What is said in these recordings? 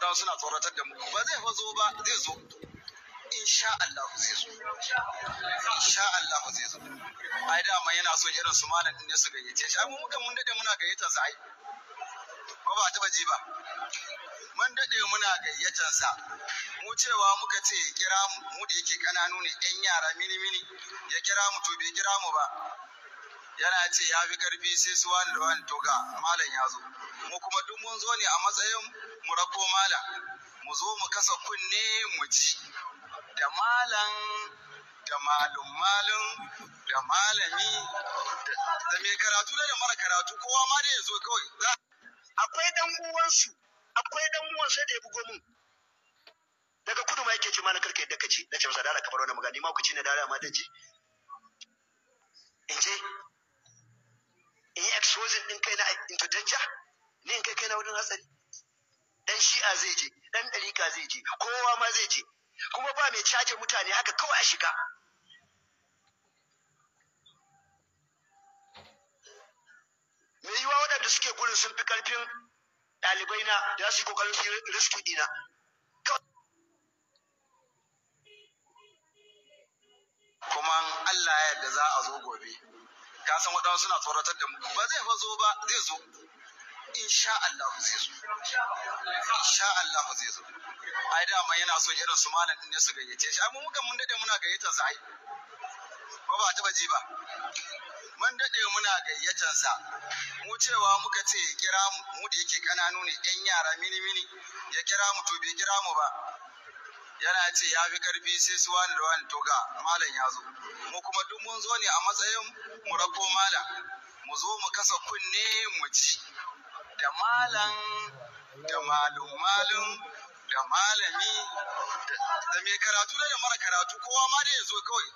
dawo suna tsoratar da mu ba zai fa zo ba zai zo insha Allah zai zo insha Allah zai zo ai da amma yana so irin su malam din ne su gayyace shi amma mu muka mun dade muna gayyata sa ai ba ba ta ji ba mun dade muna gayyatar sa mu cewa muka ce ya kira mu mu da yake kananu ne yan yara mini mini ya kira mu to bai kira mu ba yana ce ya fi karfi sai su wani da wani toga malam ya zo mu kuma duk mun zo ne a matsayin mu rako malam mu zo mu kasa kunne mu ci da malam da malum malum da malami da mai karatu da mara karatu kowa ma da ya zo kawai akwai dan uwansu akwai dan uwansu da ya bugo mu daga kudu ma yake ce mana karka yadda ka ci na ce masa dala ka magani ma ku ci na dara ma da ji in je in yi exposing din kai na into danger ni in kai kai na wurin hatsari dan shi'a zai je dan dalika zai je kowa ma zai je kuma ba mai caje mutane haka kawai a shiga mai yiwa waɗanda suke gurin sun fi ƙarfin ɗalibai na da su yi ƙoƙarin su yi riski dina kuma Allah ya yarda za a zo gobe ka san waɗansu suna tsoratar da mu ba zai fa zo ba zai zo insha Allah zai zo insha Allah zai zo ai ma yana so irin su malam din ne su gayyace shi amma mu muka mun dade muna gayyatar sa ai ba ba ta ji ba mun dade muna gayyatar sa mu cewa muka ce kira mu mu da yake kananu ne yan yara mini mini ya kira mu to bai kira mu ba yana ce ya fi karfi sai su wani da wani toga malam ya zo mu kuma duk mun zo ne a matsayin mu rako malam mu zo mu kasa kunne mu ci da malam da malum malum da malami da mai karatu da mara karatu kowa ma da ya zo kawai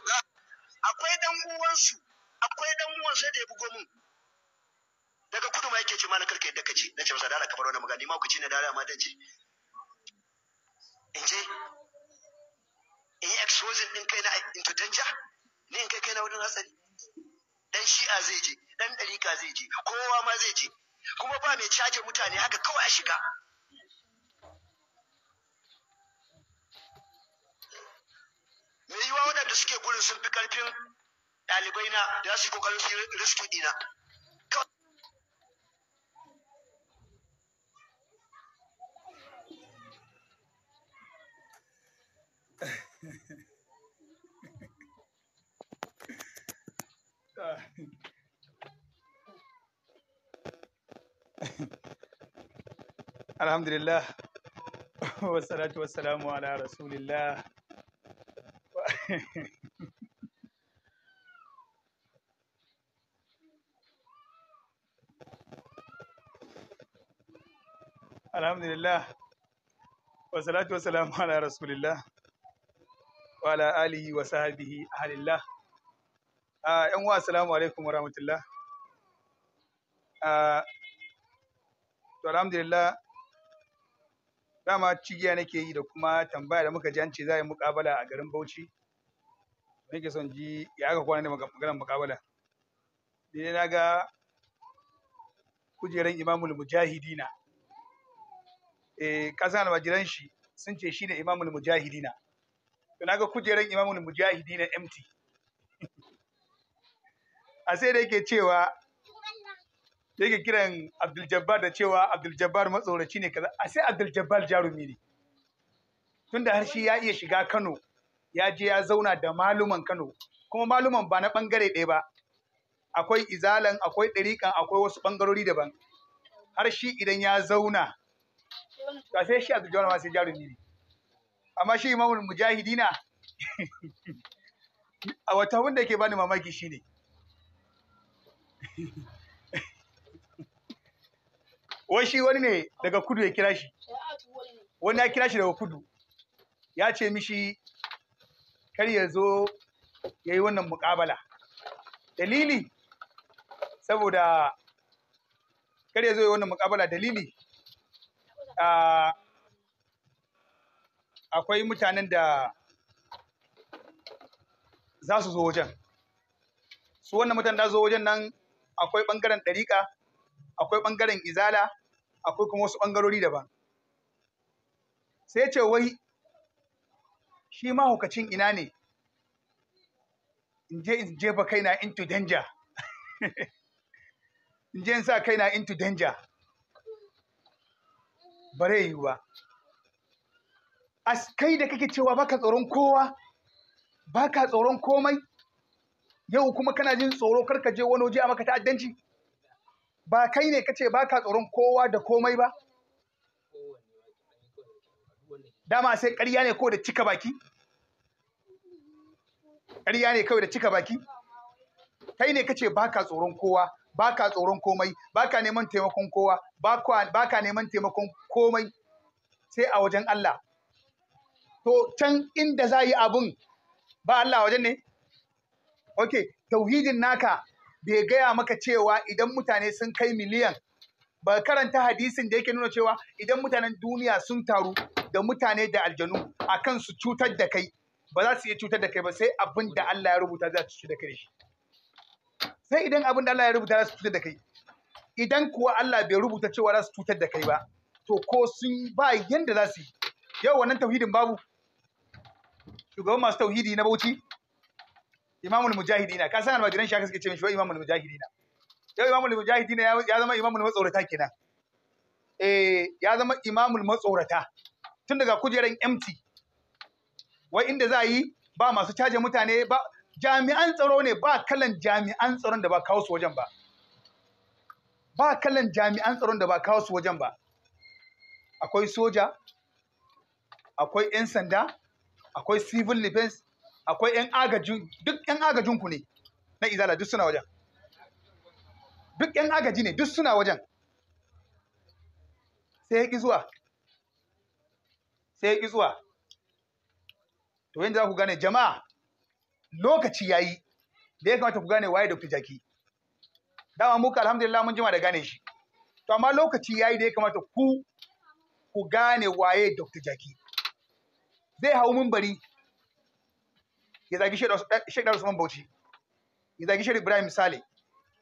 akwai dan uwansu akwai dan sai da ya bugo mu. daga kudu ma yake ce ma na karka yadda kace na ce masa dala kamar wannan magani ma ku ci na dala ma dan ce in je in yi exposing din kai na into danger ne in kai kai na wurin hatsari dan shi'a zai je dan dalika zai je kowa ma zai je kuma ba mai caje mutane haka kawai a shiga me yiwa waɗanda suke gurin sun fi ƙarfin ɗalibai na da su yi ƙoƙarin su riski ɗina آه. الحمد لله والصلاة والسلام على رسول الله الحمد لله والصلاة والسلام على رسول الله وعلى آله وصحبه أهل الله Ah, yan uwa assalamu alaikum warahmatullah ah, to alhamdulillah dama cigiya nake yi da kuma tambaya da muka ji an ce za a yi mukabala a garin Bauchi nake son ji ya aka kwana da maganar muƙabala dai na ga kujeran imamul mujahidina e eh, kasa almajiran shi sun ce shi ne imamul mujahidina to na ga kujeran imamul mujahidina MT a sai da yake cewa da yake kiran Abdul Jabbar da cewa Abdul Jabbar matsoraci ne kaza a sai Abdul Jabbar jarumi ne tunda har shi ya iya shiga Kano ya je ya zauna da maluman Kano kuma maluman ba na bangare ɗaya ba akwai izalan akwai ɗarikan, akwai wasu bangarori daban har shi idan ya zauna to sai shi Abdul Jabbar ma sai jarumi ne amma shi Imamul Mujahidina a wata wanda ke bani mamaki shine ne wai shi wani ne daga kudu ya kira shi wani ya kira shi daga kudu ya ce mishi kar ya zo ya yi wannan mukabala dalili saboda kar ya zo ya yi wannan mukabala dalili akwai mutanen da za su zo wajen su wannan mutanen da zo wajen nan akwai ɓangaren ɗariƙa akwai ɓangaren izala akwai kuma wasu ɓangarori daban sai ce wai shi mahaukacin ina ne in je in jefa kaina into danger in je in sa kaina into danger bare yi ba as kai da kake cewa baka tsoron kowa baka tsoron komai yau kuma kana jin tsoro kar ka je wani waje a maka ta'addanci ba kai ne kace baka tsoron kowa da komai ba dama sai ƙarya ne ko da cika baki ƙarya ne kawai da cika baki kai ne kace baka tsoron kowa baka tsoron komai baka neman taimakon kowa baka neman taimakon komai sai a wajen Allah to can inda za yi abun ba Allah wajen ne ok tauhidin naka bai gaya maka cewa idan mutane sun kai miliyan ba karanta hadisin da yake nuna cewa idan mutanen duniya sun taru da mutane da aljanu akan su cutar da kai ba za su iya cutar da kai ba sai abin da Allah ya rubuta za su cutar da kai shi sai idan abin da Allah ya rubuta za su cutar da kai idan kuwa Allah bai rubuta cewa za su cutar da kai ba to ko sun ba yanda za su yi yau wannan tauhidin babu shugaban masu tauhidi na Bauchi imamul mujahidina ka san almajiran shi haka suke ce shi imamul mujahidina yau imamul mujahidina ya zama imamul matsorata kenan eh ya zama imamul matsorata tun daga kujeran empty wai inda za yi ba masu caje mutane ba jami'an tsaro ne ba kalan jami'an tsaron da ba kawo su wajen ba ba kalan jami'an tsaron da ba kawo su wajen ba akwai soja akwai 'yan sanda akwai civil defense akwai ƴan agajin duk ƴan agajin ku ne na izala duk suna wajen duk ƴan agaji ne duk suna wajen sai ya ki zuwa sai ya ki zuwa to yanda za ku gane jama'a lokaci yayi da ya kamata ku gane waye Dr. Jaki dama muka alhamdulillah mun jima da gane shi to amma lokaci yayi da ya kamata ku ku gane waye Dr. Jaki zai hau mun bari ya zagi shaidar Dar eh, Usman Bauchi ya zagi shaidar Ibrahim Sale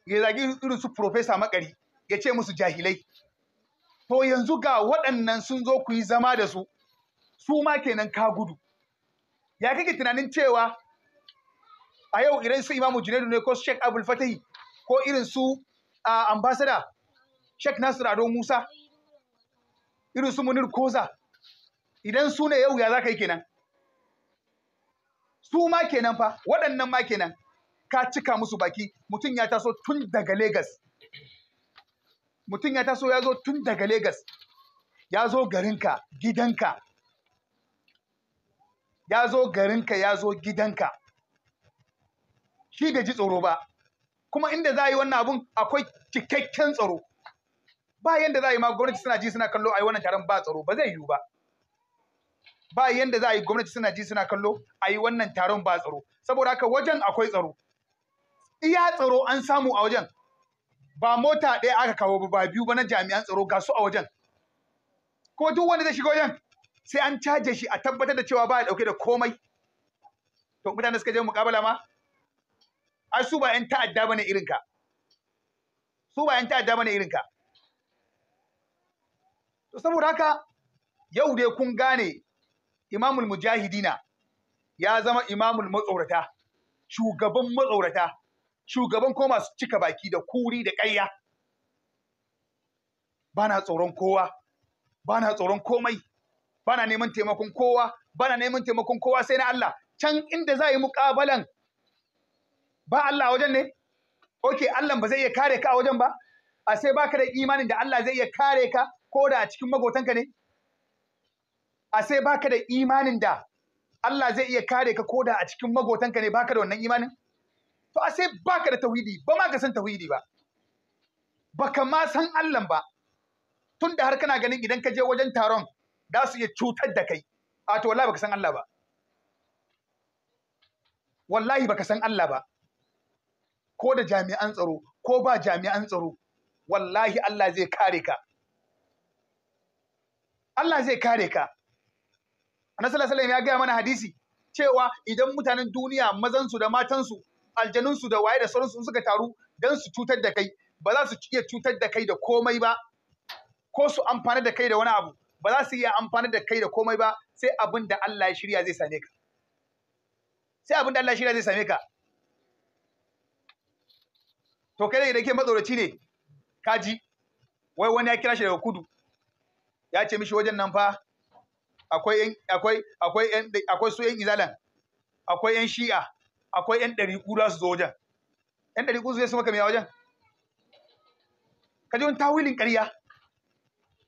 ya zagi irin su Profesa Makari ya ce musu jahilai to yanzu ga waɗannan sun zo ku yi zama da su su ma kenan ka gudu ya kake tunanin cewa a yau idan su Imamu Junaidu ne ko Sheikh Abdul Fatahi ko irin su ambassador Sheikh Nasir Ado Musa irin su Munir Koza idan su ne yau ya za ka yi kenan su ma kenan fa waɗannan ma kenan ka cika musu baki mutum ya taso tun daga Legas mutum ya taso ya zo tun daga Legas ya zo garinka gidanka ya zo garinka ya zo gidanka shi bai ji tsoro ba kuma inda za a yi wannan abun akwai cikakken tsaro ba yanda za a yi ma gwamnati suna ji suna kallo a yi wannan taron ba tsaro ba zai yiwu ba ba yanda za a yi gwamnati suna ji suna kallo a yi wannan taron ba tsaro saboda haka wajen akwai tsaro iya tsaro an samu a wajen ba mota ɗaya aka kawo ba biyu ba na jami'an tsaro ga su a wajen kuma duk wanda zai shiga wajen sai an caje shi a tabbatar da cewa ba ya dauke da komai to mutane suka je mukabala ma ai su ba yan ta'adda bane irin ka su ba yan ta'adda bane irin ka to saboda haka yau dai kun gane imamul mujahidina ya zama imamul matsorata shugaban matsorata shugaban ko masu cika baki da kuri da ƙayya bana tsoron kowa bana tsoron komai bana neman taimakon kowa bana neman taimakon kowa sai na Allah can inda za yi muƙabalan ba Allah wajen ne oke Allah ba zai iya kare ka a wajen ba a sai baka da imanin da Allah zai iya kare ka ko da a cikin magotanka ne a sai baka da imanin da Allah zai iya kare ka koda a cikin magotanka ne baka da wannan imanin to a sai baka da tauhidi ba ma ka san tauhidi ba baka ma san Allah ba tunda har kana ganin idan ka je wajen taron da su iya cutar da kai a to wallahi baka san Allah ba wallahi baka san Allah ba ko da jami'an tsaro ko ba jami'an tsaro wallahi Allah zai kare ka Allah zai kare ka annabi sallallahu alaihi ya gaya mana hadisi cewa idan mutanen duniya mazansu da matansu aljanunsu da waye da sauransu suka taru dan su cutar da kai ba za su iya cutar da kai da komai ba ko su amfana da kai da wani abu ba za su iya amfana da kai da komai ba sai abin da Allah ya shirya zai same ka sai abin da Allah ya shirya zai same ka to kai da ke matsoraci ne kaji wai wani ya kira shi daga kudu ya ce mishi wajen nan fa akwai akwai akwai yan akwai su yan izalan akwai yan shi'a akwai yan dari kura su zo wajen yan kura su zai su maka mai wajen ka ji wani tawilin ƙarya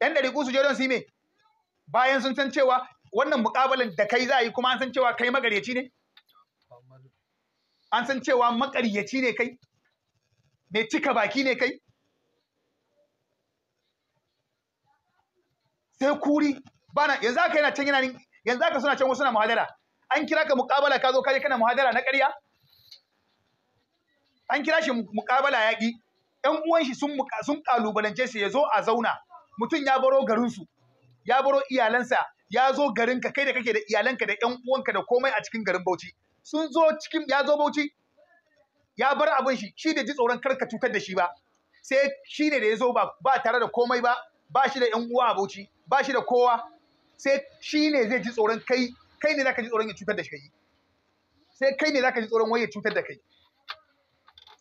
yan kura su je don su yi me bayan sun san cewa wannan muƙabalan da kai za a yi kuma an san cewa kai magaryaci ne an san cewa makaryaci ne kai mai cika baki ne kai sai kuri bana yanzu haka yana can yana yanzu haka suna can suna muhadara an kira ka muqabala ka zo ka kana muhadara na ƙarya an kira shi muqabala yaƙi ƴan uwan shi sun sun kalubalance shi ya zo a zauna mutum ya baro garin su ya baro iyalansa ya zo garin ka kai da kake da iyalanka da ƴan uwanka da komai a cikin garin Bauchi sun zo cikin ya zo Bauchi ya bar abin shi shi da ji tsoron kar ka cutar da shi ba sai shi ne da ya zo ba ba tare da komai ba ba shi da ƴan uwa a Bauchi ba shi da kowa sai shi ne zai ji tsoron kai kai ne zaka ji tsoron ya cutar da shi sai kai ne zaka ji tsoron wai ya cutar da kai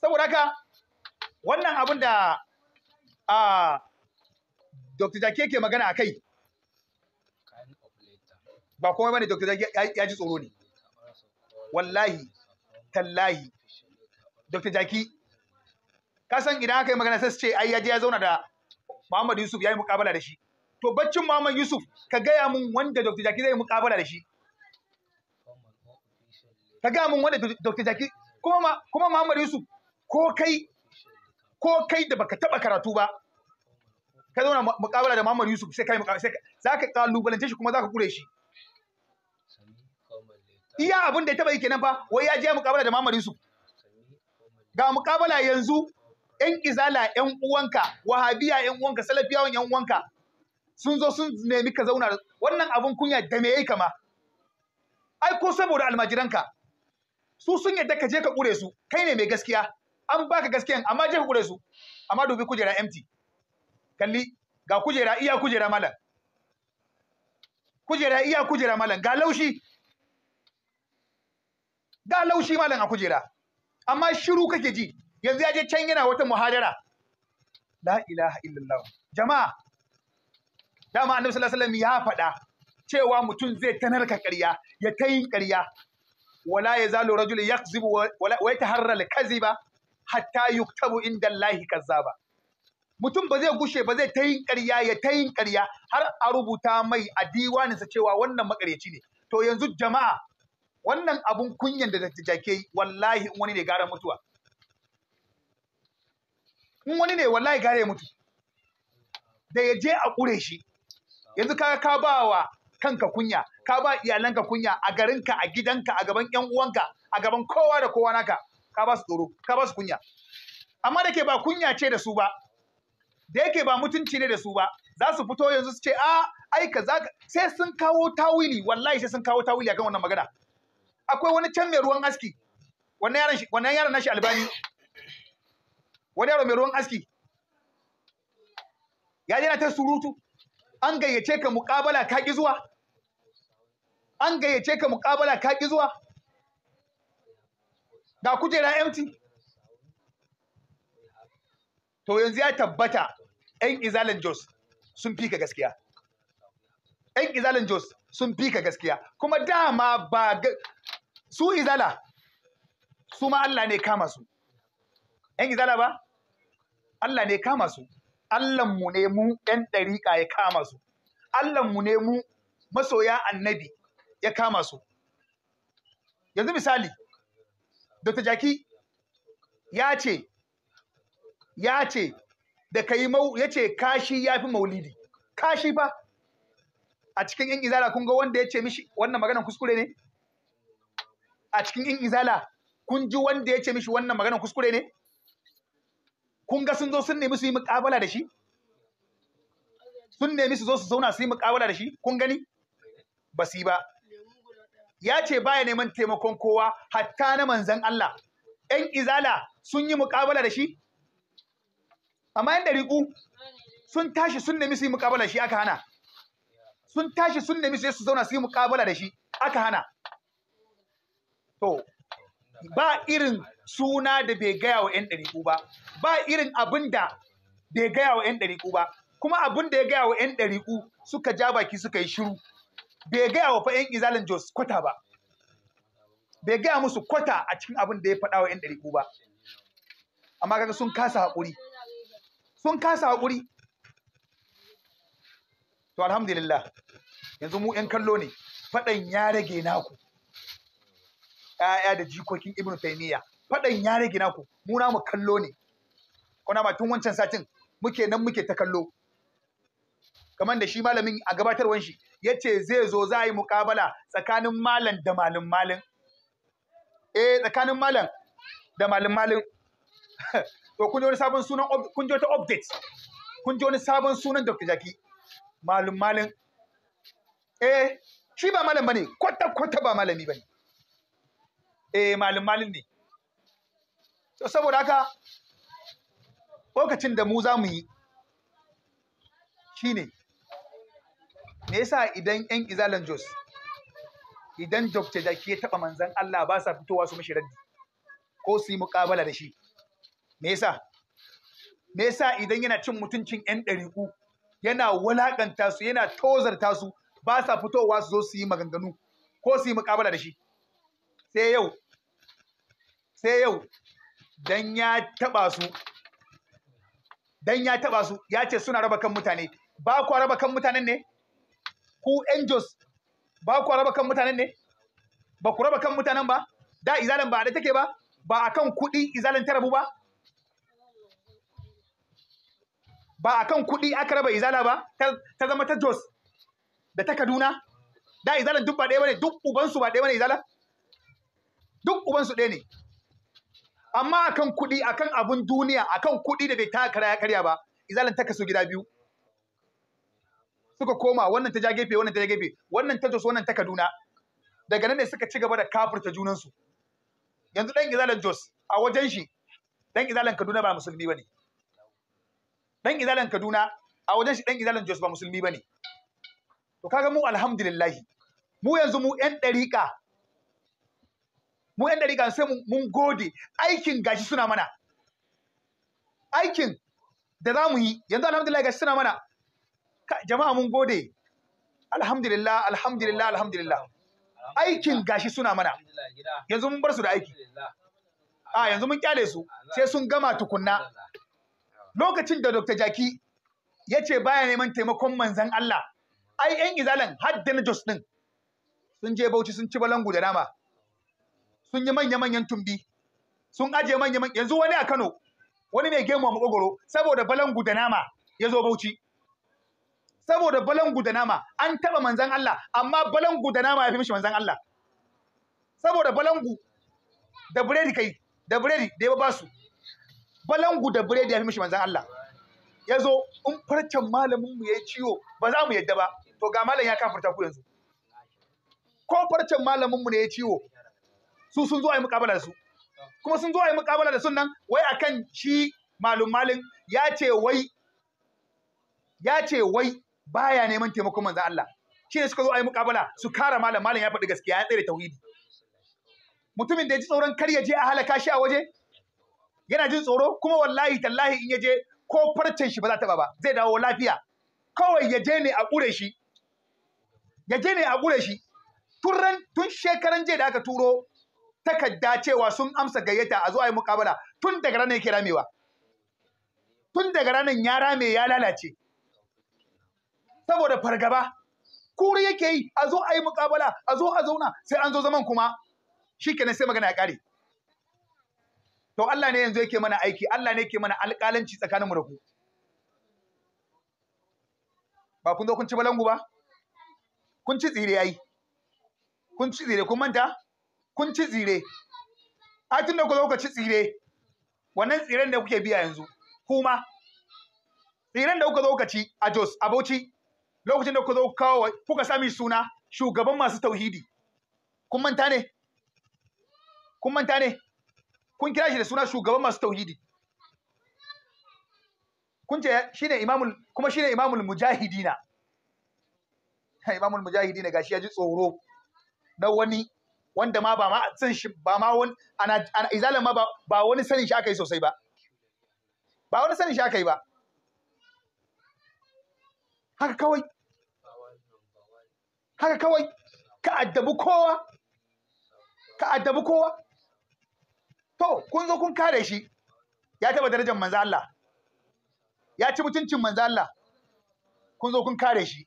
saboda haka wannan abin da a Dr. Jake ke magana a kai ba komai bane Dr. Jake ya ji tsoro ne wallahi tallahi Dr. Jaki ka san idan aka yi magana sai su ce ai ya je ya zauna da Muhammad Yusuf ya yi mukabala da shi to baccin Muhammad Yusuf ka gaya mun wanda Dr. Jaki zai mukabala da shi ka gaya mun wanda Dr. Jaki kuma kuma Muhammad Yusuf ko kai ko kai da baka taba karatu ba ka zauna mukabala da Muhammad Yusuf sai kai mukabala sai Za ka kalubalance shi kuma ka kure shi iya abin da ya taba yi kenan fa wai ya je mukabala da Muhammad Yusuf ga mukabala yanzu ‘yan izala ‘yan uwanka, wahabiya ‘yan uwanka, salafiyawan ‘yan uwanka, sun zo sun nemi ka zauna da wannan abun kunya da me yayi kama ai ko saboda almajiranka su sun yadda ka je ka kure su kai ne mai gaskiya an baka gaskiyan amma je ka kure su amma dubi kujera empty kalli ga kujera iya kujera malam kujera iya kujera malam ga laushi ga laushi malam a kujera amma shiru kake ji yanzu ya je can yana wata muhadara la ilaha illallah jama'a dama annabi sallallahu alaihi ya faɗa cewa mutum zai tanar ka ƙarya ya ta yin ƙarya wala ya zalo rajul yakzibu wa yataharral kaziba hatta yuktabu inda Allahi kazzaba mutum ba zai gushe ba zai ta yin ƙarya ya ta yin ƙarya har a rubuta mai a sa cewa wannan makaryaci ne to yanzu jama'a wannan abun kunyan da jake wallahi in wani ne gara mutuwa in wani ne wallahi gare mutu da ya je a ƙure shi yanzu ka ka ba wa kanka kunya ka ba iyalanka kunya a garinka a gidanka a gaban yan uwanka a gaban kowa da kowa naka ka ba su tsoro ka ba su kunya amma da ke ba kunya ce da su ba da yake ba mutunci ne da su ba za su fito yanzu su ce a ai za sai sun kawo tawili wallahi sai sun kawo tawili akan wannan magana akwai wani can mai ruwan aski wannan yaron shi wannan yaron nashi albani wani yaro mai ruwan aski ya je na ta surutu an gayyace ka muƙabala ka ƙi zuwa an gayyace ka muƙabala ka ƙi zuwa da kujera empty to yanzu ya tabbata ƴan izalin jos sun fi ka gaskiya ƴan izalin jos sun fi ka gaskiya kuma dama ba su izala su ma Allah ne kama su ƴan izala ba Allah ne kama su Allahnmu ne mu ɗan ɗariƙa ya kama su, Allahnmu ne mu masoya annabi ya kama su. Yanzu misali, Dr. Jaki ya ce, ya ce, da ka yi mau, ya ce kashi ya fi maulidi, kashi ba, a cikin ‘yan izala kun ga wanda ya ce mishi wannan maganan kuskure ne? A cikin ‘yan izala kun ji wanda ya ce mishi wannan maganan kuskure ne? kun ga sun zo sun nemi su yi muƙabala da shi sun nemi su zo su zauna su yi muƙabala da shi kun gani ba su yi ba ya ce baya neman taimakon kowa hatta na manzan Allah ‘yan izala sun yi muƙabala da shi amma yan ɗariƙu sun tashi sun nemi su yi muƙabala shi aka hana sun tashi sun nemi su su zauna su yi muƙabala da shi aka hana to ba irin suna da bai gaya wa ‘yan ɗariƙu ba, ba irin abin da bai gaya wa ‘yan ɗariƙu ba, kuma abin da ya gaya wa ‘yan ɗariƙu suka ja baki suka yi shiru, bai gaya wa fa'yan izalin Jos kwata ba, bai gaya musu kwata a cikin abin da ya faɗa wa ‘yan ɗariƙu ba. Amma kaga sun kasa haƙuri, sun kasa haƙuri. To alhamdulillah, yanzu mu ‘yan kallo ne, faɗan ya rage naku. ‘ya'ya da jikokin Ibn Taymiyyah faɗan ya rage naku mu na mu kallo ne kuna ba tun wancan satin muke nan muke ta kallo kamar da shi malamin a gabatarwan shi ya ce zai zo za a yi muƙabala tsakanin malam da malin malin eh tsakanin malam da malin malin to kun ji wani sabon sunan kun ji wata update kun ji wani sabon sunan Dr. Jaki malin malin eh shi ba malam bane kwata kwata ba malami bane eh malin malin ne to saboda haka lokacin da mu za mu yi shi ne. me yasa idan yan izalan jos idan Dr. Jaki ya taɓa manzan Allah ba sa fitowa su mashi raddi ko su yi muƙabala da shi. Me yasa? Me yasa idan yana cin mutuncin 'yan ɗariƙu yana wulaƙanta su yana tozarta su ba sa fitowa su zo su yi maganganu ko su yi muƙabala da shi. Sai yau, sai yau dan ya taba su dan ya taba su ya ce suna raba kan mutane ba ku raba kan mutanen ne ku angels ba ku raba kan mutanen ne ba ku raba kan mutanen ba da izalan ba da take ba ba akan kuɗi izalan ta rabu ba ba akan kuɗi aka raba izala ba ta zama ta Jos da ta Kaduna da izalan duk ba ɗaya bane duk ubansu ba ɗaya bane izala duk ubansu ɗaya ne amma akan kuɗi akan abun duniya akan kuɗi da bai ta ya karya ba izalin ta gida biyu suka koma wannan ta ja gefe wannan ta ja gefe wannan ta jos wannan ta kaduna daga nan ne suka ci gaba da kafirta junansu yanzu dan izalan jos a wajen shi dan izalan kaduna ba musulmi bane dan izalan kaduna a wajen shi dan izalan jos ba musulmi bane to kaga mu alhamdulillah mu yanzu mu yan dariƙa mu yan dariga sai mun gode aikin gashi suna mana aikin da za mu yi yanzu alhamdulillah gashi suna mana jama'a mun gode alhamdulillah alhamdulillah alhamdulillah aikin gashi suna mana yanzu mun bar su da aiki a yanzu mun kyale su sai sun gama tukunna lokacin da Dr. Jaki ya ce baya neman taimakon manzan Allah ai yan izalan har da na Jos din sun je Bauchi sun ci balangu da nama sun yi manya-manyan tumbi sun ajiye manya-manyan yanzu wani a Kano wani mai gemu a makogoro saboda balangu da nama ya zo Bauchi saboda balangu da nama an taba manzan Allah amma balangu da nama ya fi mishi manzan Allah saboda balangu da buredi kai da buredi da ya ba su balangu da buredi ya fi mishi manzan Allah ya zo in farcen malamin mu ya ciwo ba za mu yadda ba to ga malam ya kafurta ku yanzu ko farcen malamin mu ne ya ciwo su sun zo a yi mukabala da su kuma sun zo a yi mukabala da sunan, nan wai akan shi malum malin ya ce wai ya ce wai baya neman taimakon manzo Allah shi ne suka zo a yi mukabala su kara malam malam ya faɗi gaskiya ya tsere tauhidi mutumin da ya ji tsoron kar ya je a halaka shi a waje yana jin tsoro kuma wallahi tallahi in ya je ko farcen shi ba za ta ba zai dawo lafiya kawai ya je ne a ƙure shi ya je ne a ƙure shi tun shekaran je da aka turo takarda cewa sun amsa gayyata a zuwa yi mukabala tun daga ranar yake ramewa tun daga ranar ya rame ya lalace saboda fargaba kuri yake yi a zo a yi mukabala a zo a zauna sai an zo zaman kuma shi kenan sai magana ya kare to Allah ne yanzu yake mana aiki Allah ne yake mana alƙalanci tsakanin mu da ku ba kun zo kun ci balangu ba kun ci tsire yayi kun ci tsire kun manta kun ci tsire a tun da ku zo ku ci tsire wannan tsiren da kuke biya yanzu kuma tsiren da kuka zo kuka ci a Jos a Bauchi lokacin da kuka zo kawo kuka sami suna shugaban masu tauhidi kun manta ne kun manta ne kun kira shi da suna shugaban masu tauhidi kun ce shine imamul kuma shine imamul mujahidina imamul mujahidina gashi ya ji tsoro na wani wanda ma ba ma san shi ba ma wani ana izalan ma ba wani sanin shi aka yi sosai ba ba wani sanin shi aka yi ba haka kawai haka kawai ka addabi kowa ka addabi kowa to kun zo kun kare shi ya taba darajar manzo Allah ya ci mutuncin manzo Allah kun zo kun kare shi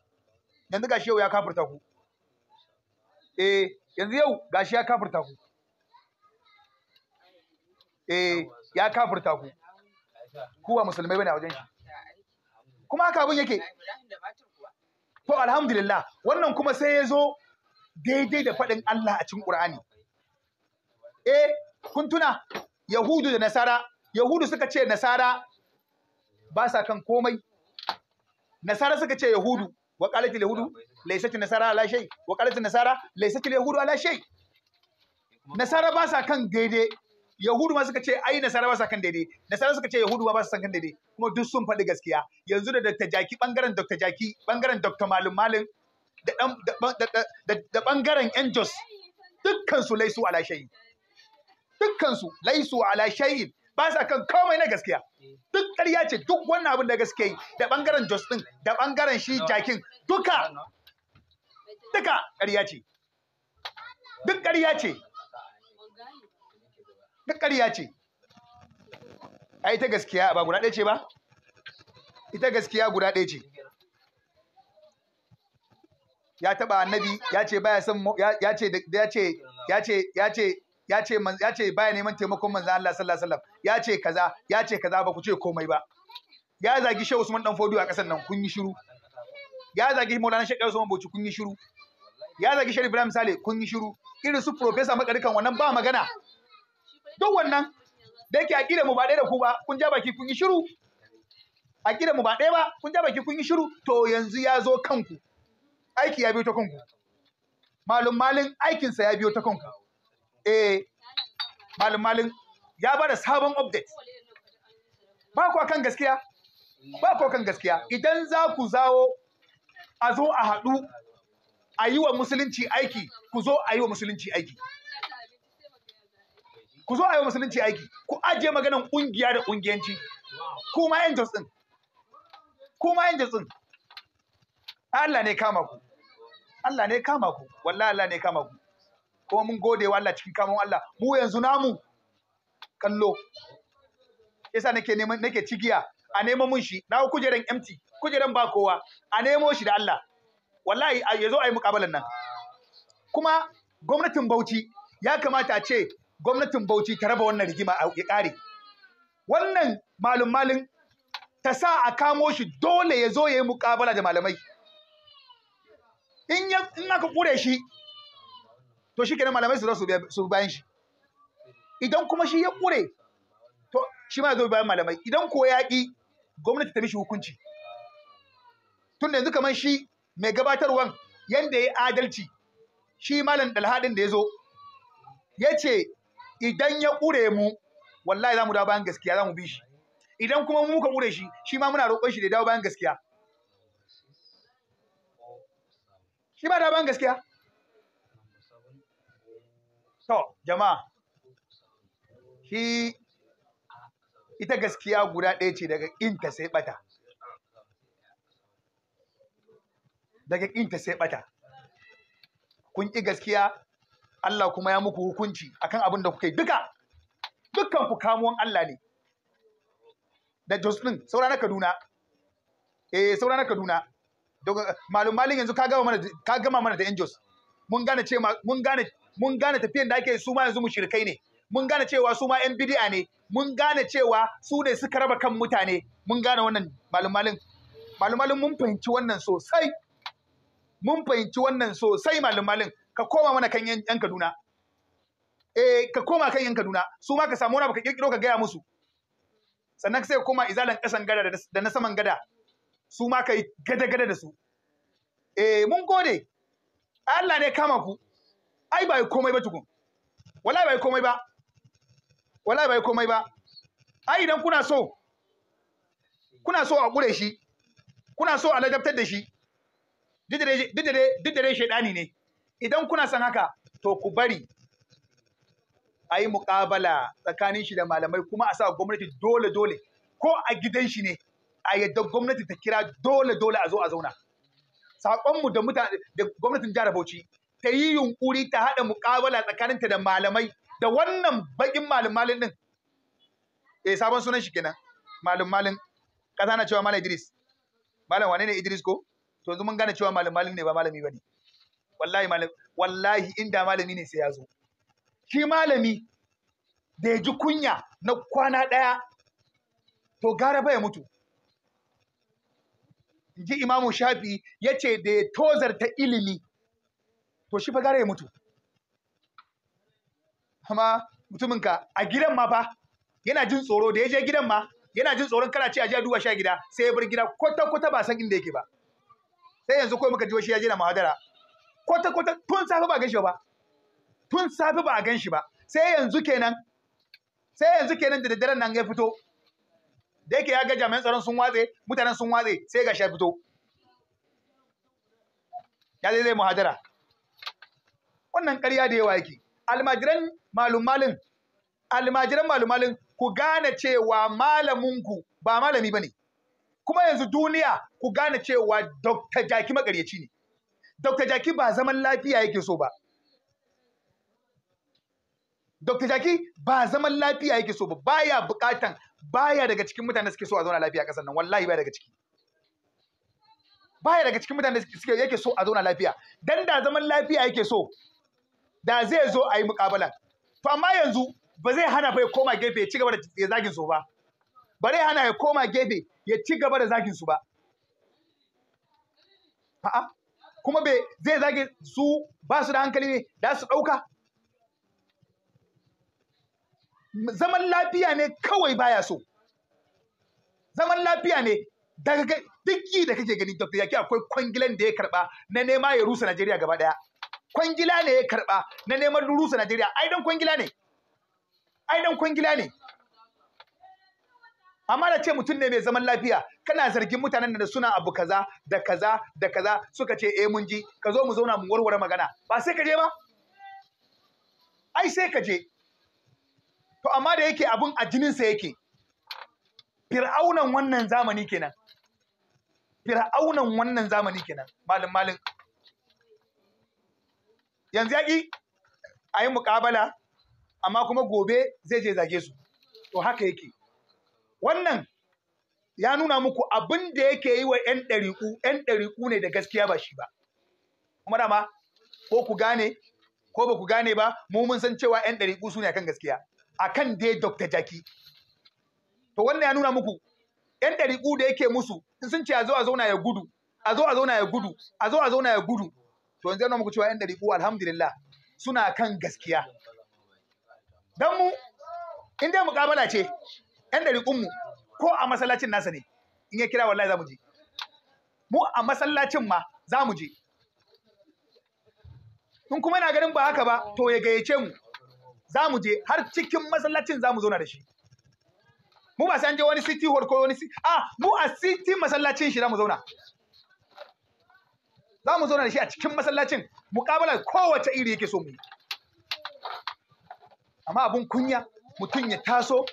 yanzu gashi yau ya kafirta ku eh yanzu yau gashi ya kafirta ku eh ya kafirta ku ku ba musulmai bane a wajen shi kuma haka abin yake to alhamdulillah wannan kuma sai ya zo daidai da faɗin Allah a cikin Qur'ani eh kun tuna yahudu da nasara yahudu suka ce nasara ba sa kan komai nasara suka ce yahudu wa qalat yahudu laysat nasara ala shay wa qalat nasara laysat yahudu ala shay nasara ba kan daidai yahudu ma suka ce ai nasara ba kan daidai nasara suka ce yahudu ba sa kan daidai kuma duk sun faɗi gaskiya yanzu da dr jaki bangaren dr jaki bangaren dr malum malum da bangaren yan jos dukkan laisu laisu ba sa kan komai na gaskiya duk ƙarya ce duk wannan abin da gaske yi da ɓangaren jos ɗin da ɓangaren shi jakin duka duka ƙarya ce duk ƙarya ce duk ƙarya ce a ita gaskiya ba guda ɗaya ce ba ita gaskiya guda ɗaya ce ya taɓa annabi ya ce baya son ya ce ya ce ya ce ya ce ya ce ya ce baya neman taimakon manzo Allah sallallahu alaihi wasallam ya ce kaza ya ce kaza ba ku ce komai ba ya zagi Shehu Usman dan Fodio a kasan nan kun yi shiru ya zagi Maulana Sheikh Usman Bauchi kun yi shiru ya zagi Shehu Ibrahim Sale kun yi shiru irin su professor makarikan wannan ba magana duk wannan da yake akida mu ba ɗaya da ku ba kun ja baki kun yi shiru akida mu ba ɗaya ba kun ja baki kun yi shiru to yanzu ya zo kanku aiki ya biyo ta kanku malum malin aikinsa ya biyo ta kanku eh malin ya bada sabon update ba ku kan gaskiya ba ku kan gaskiya idan za ku zawo a zo a haɗu a yi wa musulunci aiki ku zo a yi wa musulunci aiki ku zo a yi wa musulunci aiki ku ajiye maganan ƙungiya da ƙungiyanci kuma yan jos ɗin kuma yan jos ɗin Allah ne kama ku Allah ne kama ku wallahi Allah ne kama ku kuma mun gode wa Allah cikin kamun Allah mu yanzu namu kallo yasa nake neman nake cigiya a nemo mun shi na kujeran empty kujeran ba kowa a nemo shi da Allah wallahi ya zo a yi mukabalan nan kuma gwamnatin Bauchi ya kamata a ce gwamnatin Bauchi ta raba wannan rigima ya kare wannan malum malin ta sa a kamo shi dole ya zo ya yi mukabala da malamai in aka kure shi to shi kenan malamai su zo su bayan shi idan kuma shi ya ƙure to shi ma zo bayan malamai idan ko ya ki gwamnati ta mishi hukunci tun da yanzu kamar shi mai gabatarwan yanda ya adalci shi malam dalhadin da ya zo ya ce idan ya ƙure mu wallahi za mu dawo bayan gaskiya za mu bi shi idan kuma mu muka ƙure shi shi ma muna roƙon shi da dawo bayan gaskiya shi ma dawo bayan gaskiya To, jama'a, shi ita gaskiya guda ɗaya ce daga ƙinta sai ɓata. Daga ƙinta sai ɓata. Kun ƙi gaskiya, Allah kuma ya muku hukunci akan abin da kuka yi duka, dukkan ku kamuwan Allah ne. Da Jos ɗin, saura na Kaduna. Eh, saura na Kaduna. Malum malin yanzu ka gama mana da 'yan Jos. Mun gane mun gane tafiyan da ake su ma yanzu mushrikai ne mun gane cewa su ma yan bid'a ne mun gane cewa su ne suka raba kan mutane mun gane wannan malumalin malumalin mun fahimci wannan sosai mun fahimci wannan sosai malumalin ka koma mana kan yan Kaduna eh ka koma kan yan Kaduna su ma ka samu wani ka kirkiro ka gaya musu sannan sai ka koma izalan kasan gada da na saman gada su ma ka yi gada-gada da su eh mun gode Allah ne kama ku ai ba komai ba tukun wallahi ba komai ba wallahi ba komai ba ai idan kuna so kuna so a gure shi kuna so a ladabtar da shi didire shedani ne idan kuna son haka to ku bari a yi muƙabala tsakanin shi da malamai kuma a sa gwamnati dole dole ko a gidan shi ne a yadda gwamnati ta kira dole dole a zo a zauna saƙonmu da gwamnatin jihar Bauchi ta yi yunkuri ta haɗa muƙabala tsakaninta da malamai da wannan baƙin malum malin ɗin eh sabon sunan shi kenan malum malin ƙasa na cewa malam Idris malam wane ne Idris ko to yanzu mun gane cewa malum malin ne ba malami bane wallahi malam wallahi inda malami ne sai ya zo shi malami da ya ji kunya na kwana ɗaya to gara ba ya mutu ji imamu shafi ya ce da ya tozarta ilimi to shi fa gare ya mutu amma mutumin ka a gidan ma fa yana jin tsoro da ya je gidan ma yana jin tsoron kana ce a je duba shi a gida sai ya bar gida kwata kwata ba san inda yake ba sai yanzu kawai muka ji shi ya je na muhadara kwata kwata tun safe ba gan shi ba tun safe ba a gan shi ba sai yanzu kenan sai yanzu kenan da daddaren nan ya fito da yake ya ga jami'an tsaron sun watse mutanen sun watse sai ga shi fito ya zai zai muhadara wannan ƙarya da yawa yake almajiran malumalin, almajiran malumalin, ku gane cewa malaminku ba malami bane kuma yanzu duniya ku gane cewa Dr. Jaki magaryaci ne Dr. Jaki ba zaman lafiya yake so ba Dr. Jaki ba zaman lafiya yake so ba baya buƙatan baya daga cikin mutanen suke so a zauna lafiya kasan nan wallahi baya daga ciki baya daga cikin mutanen suke yake so a zauna lafiya dan da zaman lafiya yake so da zai zo a yi mukabala. to amma yanzu ba zai hana ba ya koma gefe ya ci gaba da zagin su ba ba zai hana ya koma gefe ya ci gaba da zagin su ba a'a kuma bai zai zage su ba su da hankali ne da su ɗauka zaman lafiya ne kawai baya so zaman lafiya ne daga duk da kake gani tafiya akwai kwangilan da ya karba na nema ya rusa Najeriya gaba ɗaya. kwangila ne ya karba na neman durusa Najeriya ai dan kwangila ne ai dan kwangila ne amma da ce mutum ne mai zaman lafiya kana zargin mutanen da suna abu kaza da kaza da kaza suka ce eh mun ji ka zo mu zauna mu warware magana ba sai ka je ba ai sai ka je to amma da yake abun a jininsa yake fir'aunan wannan zamani kenan fir'aunan wannan zamani kenan malin malin yanzu ya ƙi a yi muƙabala amma kuma gobe zai je zage su to haka yake wannan ya nuna muku abin da yake yi wa 'yan ɗariƙu 'yan ɗariƙu ne da gaskiya ba shi ba kuma dama ko ku gane ko ba ku gane ba mu mun san cewa 'yan ɗariƙu su ne akan gaskiya akan dai dr jaki to wannan ya nuna muku 'yan ɗariƙu da yake musu sun ce a zo a zauna ya gudu a zo a zauna ya gudu a zo a zauna ya gudu to yanzu yana muku cewa yan dariku alhamdulillah suna kan gaskiya dan mu in dai mukabala ce yan dariƙun mu ko a masallacin nasa ne in ya kira wallahi za mu je mu a masallacin ma za mu je in kuma yana ganin ba haka ba to ya gayyace mu za mu je har cikin masallacin za mu zauna da shi mu ba sai an je wani city hall ko wani a mu a city masallacin shi za mu zauna za mu zauna da shi a cikin masallacin muƙabala kowace iri yake so mu yi amma abun kunya mutum ya taso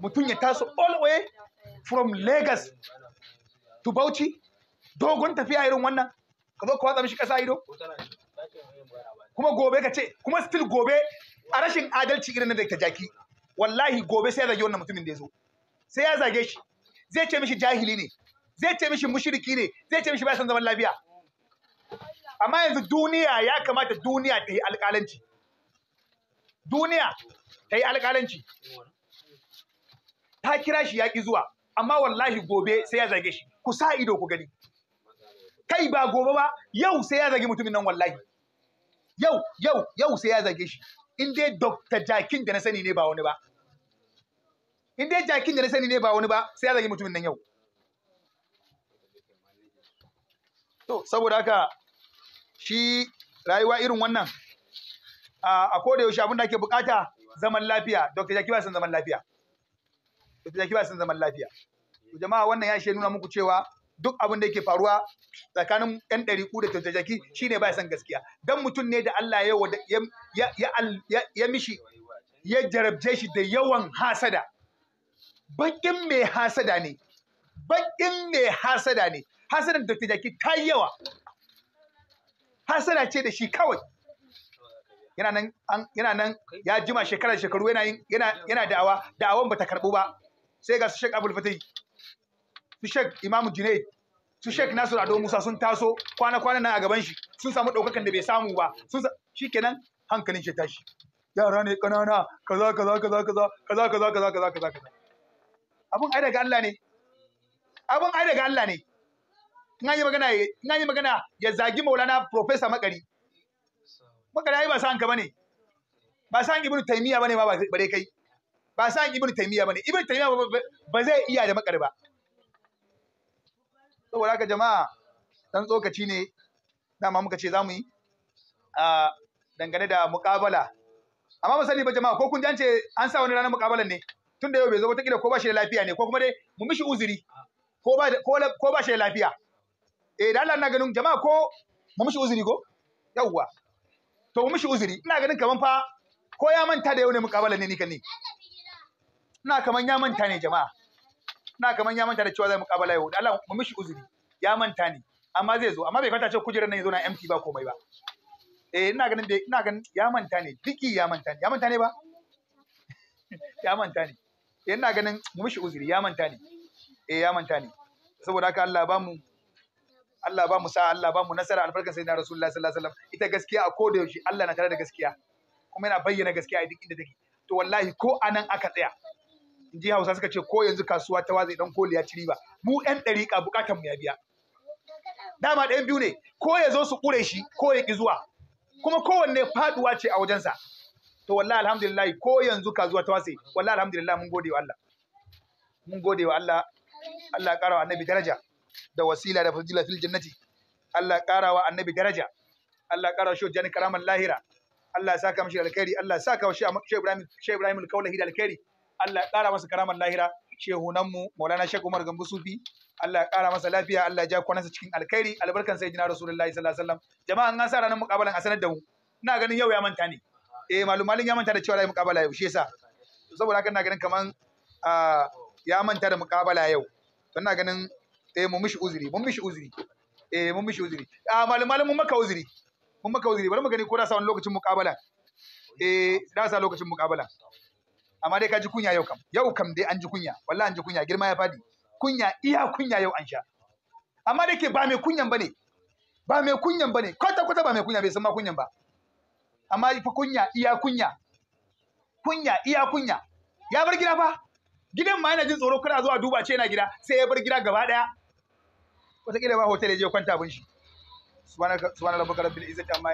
mutum ya taso all way from Lagos to Bauchi dogon tafiya irin wannan ka zo ka watsa mishi ƙasa ido kuma gobe ka ce kuma still gobe a rashin adalci irin na da jaki wallahi gobe sai ya zage wannan mutumin da ya zo sai ya zage shi zai ce mishi jahili ne zai ce mishi mushriki ne zai ce mishi ba san zaman lafiya amma yanzu duniya ya kamata duniya ta yi alƙalanci duniya ta yi alƙalanci ta kira shi yaƙi zuwa amma wallahi gobe sai ya zage shi ku sa ido ku gani kai ba gobe ba yau sai ya zage mutumin nan wallahi yau yau yau sai ya zage shi in dai dokta jakin da na sani ne ba wani ba in dai jakin da na sani ne ba wani ba sai ya zage mutumin nan yau to saboda haka shi rayuwa irin wannan a koda yaushe abin da ake bukata zaman lafiya dr jaki ba san zaman lafiya dr jaki ba san zaman lafiya to jama'a wannan ya she nuna muku cewa duk abin da yake faruwa tsakanin yan ɗariƙu da dr jaki shi ne ba san gaskiya dan mutum ne da Allah ya ya mishi ya jarabce shi da yawan hasada bakin mai hasada ne bakin mai hasada ne hasarar da ta jaki ta yi yawa hasara ce da shi kawai yana nan yana nan ya jima shekara shekaru yana yana yana da'awa da'awan ta karbu ba sai ga su Sheikh Abdul Fatih su Sheikh Imam Junaid su Sheikh Nasir Ado Musa sun taso kwana kwana nan a gaban shi sun samu daukakan da bai samu ba sun shikenan hankalin shi tashi yara ne kanana kaza kaza kaza kaza kaza kaza kaza kaza kaza abun ai daga Allah ne abun ai daga Allah ne in an yi magana ya zagi Maulana Profesa Makari Makari yi ba hanka ba ne ba san Ibn Taymiyyah bane ma ba dai kai ba san Ibn ba ne, Ibn Taymiyyah ba zai iya da Makari ba saboda haka jama'a dan tsokaci ne dama muka ce za mu yi a dangane da muƙabala amma ba sani ba jama'a ko kun ji an ce an sa wani ranar muƙabalan ne tun da yau bai zo wata kila ko ba shi da lafiya ne ko kuma dai mu mishi uzuri ko ba shi da lafiya eh da Allah ina ganin jama'a ko mu mishi uzuri ko yawwa to mu mishi uzuri ina ganin kaman fa ko ya manta da yau ne mukabala ne ni kan ni ina kaman ya manta ne jama'a ina kaman ya manta da cewa zai mukabala yau da Allah mu mishi uzuri ya manta ne amma zai zo amma bai fata ce kujerar nan ya zo na empty ba komai ba eh ina ganin bai ina ganin ya manta ne diki ya manta ne ya manta ne ba ya manta ne eh, ina ganin mu mishi uzuri ya manta ne eh ya manta ne saboda haka Allah ba mu Allah ba mu sa Allah ba mu nasara albarkar na Rasulullah sallallahu alaihi wasallam ita gaskiya a koda yaushe Allah na tare da gaskiya kuma yana bayyana gaskiya a duk inda take to wallahi ko anan aka tsaya in ji Hausa suka ce ko yanzu kasuwa ta waze dan koli ya ci ba. mu ɗan ɗariƙa buƙatar mu ya biya dama ɗayan biyu ne ko ya zo su ƙure shi ko ya ƙi zuwa kuma kowanne faduwa ce a wajensa to wallahi alhamdulillah ko yanzu kasuwa ta waze wallahi alhamdulillah mun gode wa Allah mun gode wa Allah Allah ya ƙara wa annabi daraja da wasila da fadila fil jannati Allah ƙara wa annabi daraja Allah ƙara shi jani karaman lahira Allah saka mishi alkhairi Allah saka wa Shehu Ibrahim Shehu Ibrahim al-Kaulahi da alkhairi Allah ƙara masa karaman lahira shehunan mu Maulana Sheikh Umar Gambo Sufi Allah ƙara masa lafiya Allah ja kwanansa cikin alkhairi albarkan sayyidina Rasulullahi sallallahu alaihi wasallam jama'an an sa ranar muƙabalan a sanar da mu ina ganin yau ya manta ne eh malumalin ya manta da cewa zai muƙabala yau shi yasa saboda haka ina ganin kaman ah, ya manta da muƙabala yau ina ganin eh mun mishi uzuri mun mishi uzuri eh mun mishi uzuri a ah, malamalin mun maka uzuri mun maka uzuri bari mu gani ko da sa wani lokacin muƙabala eh da sa lokacin muƙabala amma dai ka ji kunya yau kam yau kam dai an ji kunya wallahi an ji kunya girma ya fadi kunya iya kunya yau an sha amma dai ke ba mai kunyan bane ba mai kunyan bane kwata kwata ba mai kunya bai san ma kunyan ba amma fa kunya iya kunya kunya iya kunya ya bar gida fa gidan ma yana jin tsoro kada zuwa duba ce yana gida sai ya bar gida gaba daya wataƙila ba hotel ya je kwanta bin shi subhanaka subhanarabbika rabbil izzati amma